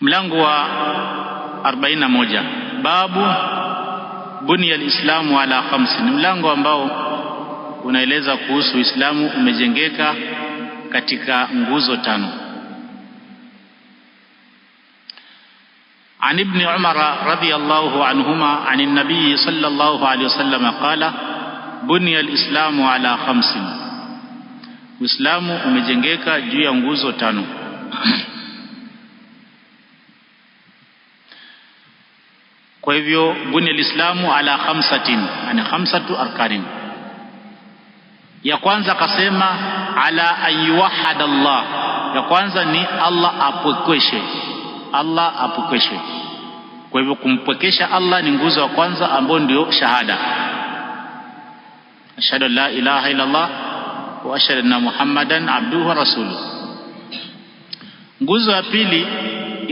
Mlango wa 41 babu bunia lislamu ala khamsi, ni mlango ambao unaeleza kuhusu Uislamu umejengeka katika nguzo tano. An ibni Umara radhiyallahu anhuma an nabiyi sallallahu alayhi wasallam qala bunia lislamu ala khamsin, Uislamu umejengeka juu ya nguzo tano Kwa hivyo bunia lislamu ala khamsatin, yani khamsatu arkanin. Ya kwanza akasema ala an yuwahada Allah, ya kwanza ni Allah apwekweshe, Allah apwekweshe. Kwa hivyo kumpwekesha Allah ni nguzo ya kwanza ambayo ndio shahada, ashhadu la ilaha illa Allah wa ashhadu anna muhammadan abduhu wa rasuluh Nguzo ya pili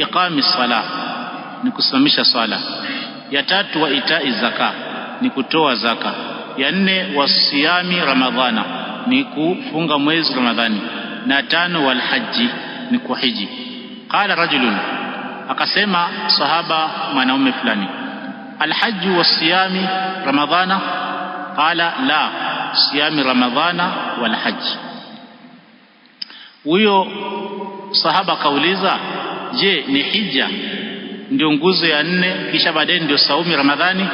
iqami salah, ni kusimamisha swala ya tatu wa itai zaka ni kutoa zaka, ya nne wasiyami ramadhana ni kufunga mwezi Ramadhani, na tano walhaji ni kuhiji. Qala rajulun, akasema sahaba mwanaume fulani, alhaju wasiyami ramadhana? Qala la siyami ramadhana walhaji. Huyo sahaba akauliza, je, ni hija ndio nguzo ya nne, kisha baadaye ndio saumi Ramadhani.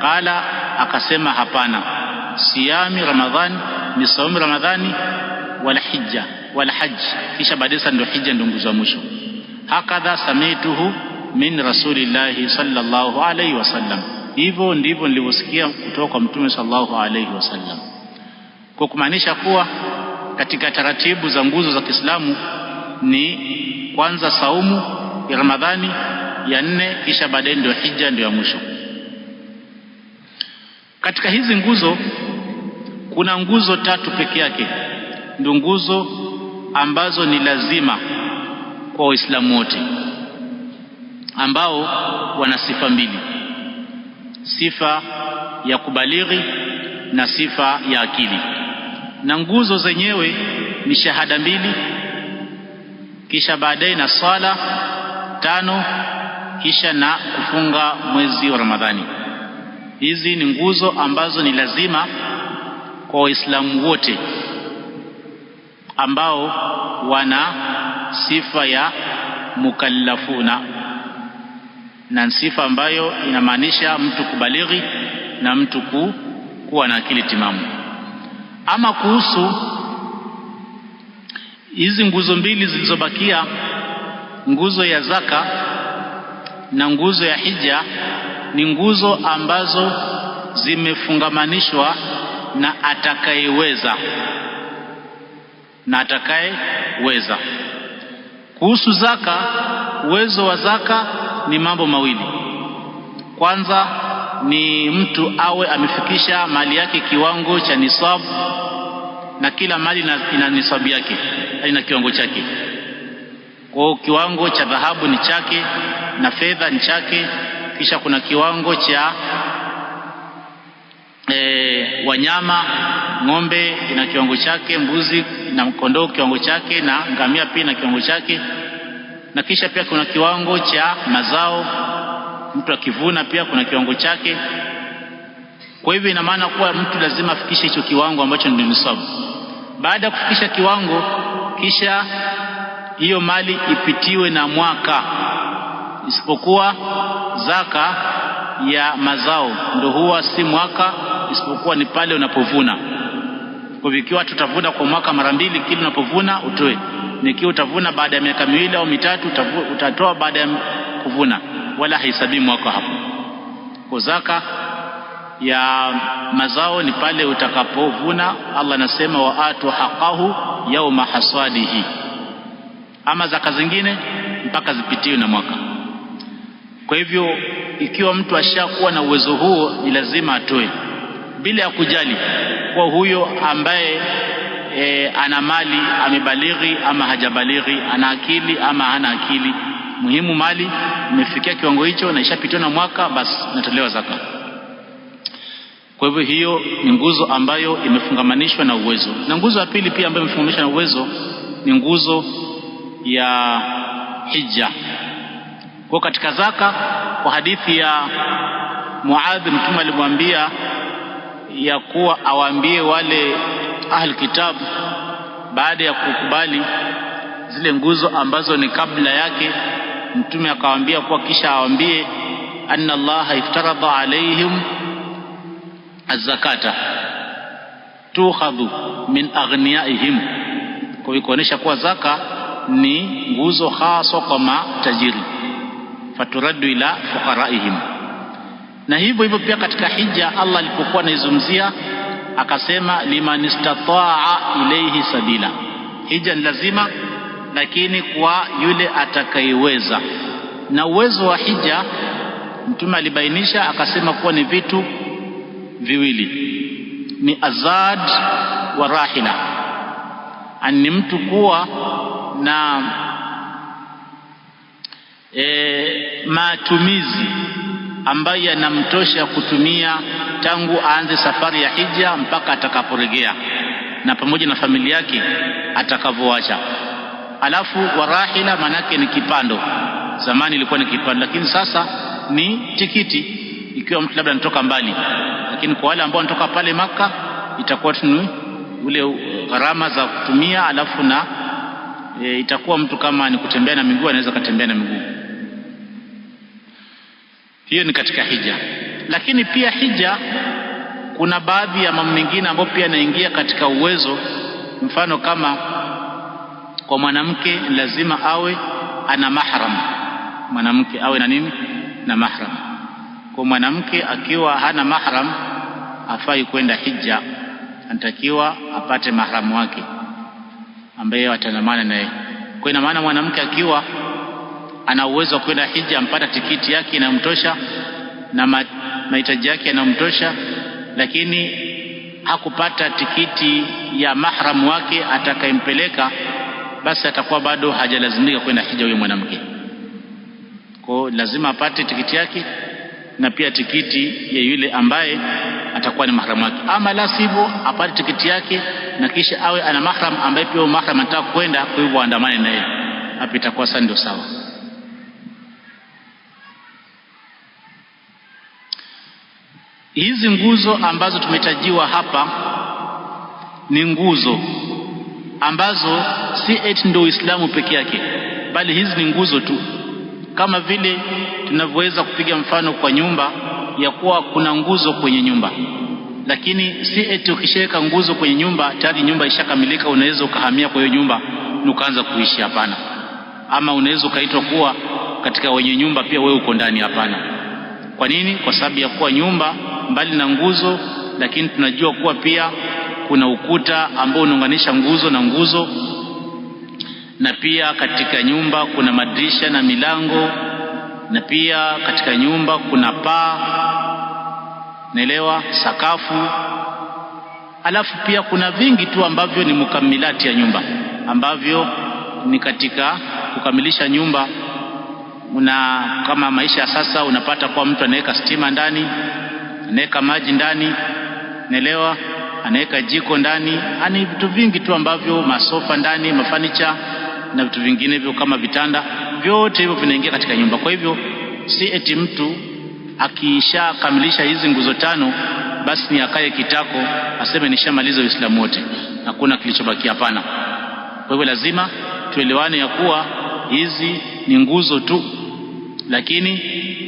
Qala, akasema hapana, siyami Ramadhani ni saumi Ramadhani wala hija wala haji, kisha baadaye sasa ndio hija, ndio nguzo ya mwisho. Hakadha samituhu min rasulillahi sallallahu alayhi wasallam, hivyo ndivyo nilivyosikia kutoka kwa Mtume sallallahu alayhi wasallam, kwa kumaanisha kuwa katika taratibu za nguzo za Kiislamu ni kwanza saumu ya Ramadhani ya nne, kisha baadaye ndio hija, ndio ya mwisho. Katika hizi nguzo kuna nguzo tatu peke yake ndio nguzo ambazo ni lazima kwa Waislamu wote ambao wana sifa mbili, sifa ya kubalighi na sifa ya akili. Na nguzo zenyewe ni shahada mbili, kisha baadaye na swala tano kisha na kufunga mwezi wa Ramadhani. Hizi ni nguzo ambazo ni lazima kwa Waislamu wote ambao wana sifa ya mukallafuna, na sifa ambayo inamaanisha mtu kubalighi na mtu ku, kuwa na akili timamu. Ama kuhusu hizi nguzo mbili zilizobakia, nguzo ya zaka na nguzo ya hija ni nguzo ambazo zimefungamanishwa na atakayeweza na atakayeweza. Kuhusu zaka, uwezo wa zaka ni mambo mawili. Kwanza ni mtu awe amefikisha mali yake kiwango cha nisabu, na kila mali ina nisabu yake, ina kiwango chake. Kwa hiyo kiwango cha dhahabu ni chake na fedha ni chake, kisha kuna kiwango cha e, wanyama ng'ombe ina kiwango chake, mbuzi na kondoo kiwango chake, na ngamia pia na kiwango chake, na kisha pia kuna kiwango cha mazao. Mtu akivuna pia kuna kiwango chake. Kwa hivyo ina maana kuwa mtu lazima afikishe hicho kiwango ambacho ndio nisabu. Baada ya kufikisha kiwango, kisha hiyo mali ipitiwe na mwaka, isipokuwa zaka ya mazao ndio huwa si mwaka, isipokuwa ni pale unapovuna. Kwa hivyo, ikiwa tutavuna kwa mwaka mara mbili, kile unapovuna utoe, nikiwa utavuna baada ya miaka miwili au mitatu, utatoa baada ya kuvuna, wala haisabii mwaka hapo. Kwa zaka ya mazao ni pale utakapovuna. Allah anasema, waatu haqahu yauma hasadihi ama zaka zingine mpaka zipitiwe na mwaka. Kwa hivyo ikiwa mtu ashakuwa na uwezo huo, ni lazima atoe bila ya kujali kwa huyo ambaye e, ana mali amebalighi ama hajabalighi, ana akili ama hana akili. Muhimu mali imefikia kiwango hicho na ishapitiwa na mwaka, basi natolewa zaka. Kwa hivyo hiyo ni nguzo ambayo imefungamanishwa na uwezo, na nguzo ya pili pia ambayo imefungamanishwa na uwezo ni nguzo ya hija. Kwa katika zaka, kwa hadithi ya Muadhi, mtume alimwambia ya kuwa awaambie wale ahli kitabu baada ya kukubali zile nguzo ambazo ni kabla yake, mtume akawaambia kuwa kisha awaambie anna Allaha iftaradha alaihim azakata tukhadhu min aghniyaihim, kwa kuonyesha kuwa zaka ni nguzo haswa kwa matajiri, faturaddu ila fuqaraihim. Na hivyo hivyo pia katika hija Allah alipokuwa anaizungumzia akasema, liman istataa ilaihi sabila. Hija ni lazima, lakini kwa yule atakayeweza. Na uwezo wa hija Mtume alibainisha akasema kuwa ni vitu viwili, ni azad wa rahila, ani mtu kuwa na e, matumizi ambayo yanamtosha kutumia tangu aanze safari ya hija mpaka atakaporegea na pamoja na familia yake atakavyoacha. Alafu warahila maanake ni kipando. Zamani ilikuwa ni kipando, lakini sasa ni tikiti, ikiwa mtu labda anatoka mbali. Lakini kwa wale ambao wanatoka pale Maka itakuwa tu ule gharama za kutumia, alafu na e, itakuwa mtu kama ni kutembea na miguu anaweza akatembea na miguu. Hiyo ni katika hija, lakini pia hija kuna baadhi ya mambo mengine ambayo pia yanaingia katika uwezo. Mfano kama kwa mwanamke lazima awe ana mahram, mwanamke awe na nini, na mahram. Kwa mwanamke akiwa hana mahram hafai kwenda hija, anatakiwa apate mahramu wake ambaye atanamana naye. Kwa ina maana mwanamke akiwa ana uwezo wa kwenda hija, ampata tikiti yake inayomtosha na mahitaji yake yanayomtosha, lakini hakupata tikiti ya mahramu wake atakayempeleka, basi atakuwa bado hajalazimika kwenda hija huyo mwanamke. Kwa lazima apate tikiti yake na pia tikiti ya yule ambaye atakuwa ni mahramu wake, ama la sivyo apate tikiti yake na kisha awe ana mahram ambaye pia mahram anataka kwenda, kwa hivyo aandamane na yeye, hapo itakuwa sasa ndio sawa. Hizi nguzo ambazo tumetajiwa hapa ni nguzo ambazo si eti ndio Uislamu peke yake, bali hizi ni nguzo tu, kama vile tunavyoweza kupiga mfano kwa nyumba ya kuwa kuna nguzo kwenye nyumba lakini si eti ukishaweka nguzo kwenye nyumba tayari nyumba ishakamilika, unaweza ukahamia kwa hiyo nyumba ukaanza kuishi. Hapana. Ama unaweza ukaitwa kuwa katika wenye nyumba pia wewe uko ndani? Hapana. Kwa nini? Kwa sababu ya kuwa nyumba mbali na nguzo, lakini tunajua kuwa pia kuna ukuta ambao unaunganisha nguzo na nguzo, na pia katika nyumba kuna madirisha na milango, na pia katika nyumba kuna paa naelewa sakafu. Alafu pia kuna vingi tu ambavyo ni mukamilati ya nyumba ambavyo ni katika kukamilisha nyumba. Una kama maisha ya sasa unapata kwa mtu anaweka stima ndani, anaweka maji ndani, naelewa anaweka jiko ndani, ani vitu vingi tu ambavyo, masofa ndani, mafanicha na vitu vingine hivyo kama vitanda, vyote hivyo vinaingia katika nyumba. Kwa hivyo si eti mtu akishakamilisha hizi nguzo tano, basi ni akaye kitako, aseme nishamaliza Uislamu wote, hakuna kilichobaki. Hapana. Kwa hivyo lazima tuelewane ya kuwa hizi ni nguzo tu, lakini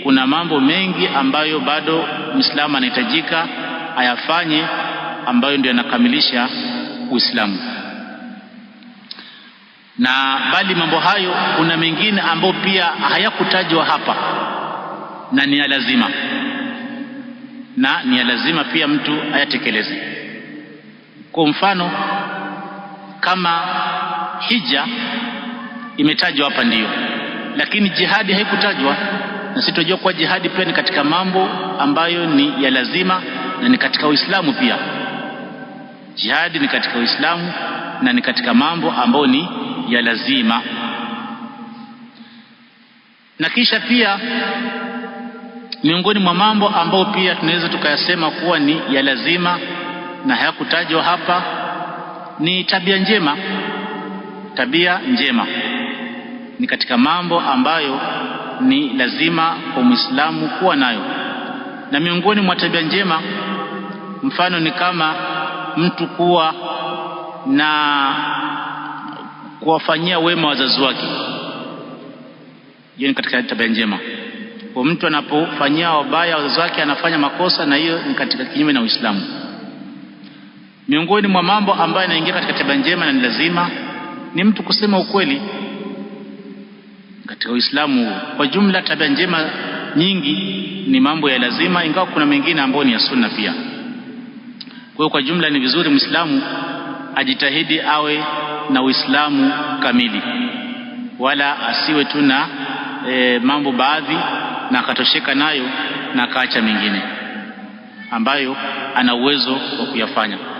kuna mambo mengi ambayo bado Muislamu anahitajika ayafanye, ambayo ndio yanakamilisha Uislamu na bali mambo hayo, kuna mengine ambayo pia hayakutajwa hapa na ni ya lazima, na ni ya lazima pia mtu ayatekeleze. Kwa mfano kama hija imetajwa hapa ndiyo, lakini jihadi haikutajwa, na sitojua kuwa jihadi pia ni katika mambo ambayo ni ya lazima na ni katika Uislamu pia. Jihadi ni katika Uislamu na ni katika mambo ambayo ni ya lazima, na kisha pia Miongoni mwa mambo ambayo pia tunaweza tukayasema kuwa ni ya lazima na hayakutajwa hapa ni tabia njema. Tabia njema ni katika mambo ambayo ni lazima kwa Muislamu kuwa nayo, na miongoni mwa tabia njema mfano ni kama mtu kuwa na kuwafanyia wema wazazi wake. Hiyo ni katika tabia njema. Kwa mtu anapofanyia wabaya wazazi wake anafanya makosa, na hiyo ni katika kinyume na Uislamu. Miongoni mwa mambo ambayo yanaingia katika tabia njema na ni lazima ni mtu kusema ukweli katika Uislamu. Kwa jumla, tabia njema nyingi ni mambo ya lazima, ingawa kuna mengine ambayo ni ya sunna pia. Kwa hiyo, kwa jumla ni vizuri Mwislamu ajitahidi awe na Uislamu kamili, wala asiwe tu na e, mambo baadhi na akatosheka nayo na akaacha mengine ambayo ana uwezo wa kuyafanya.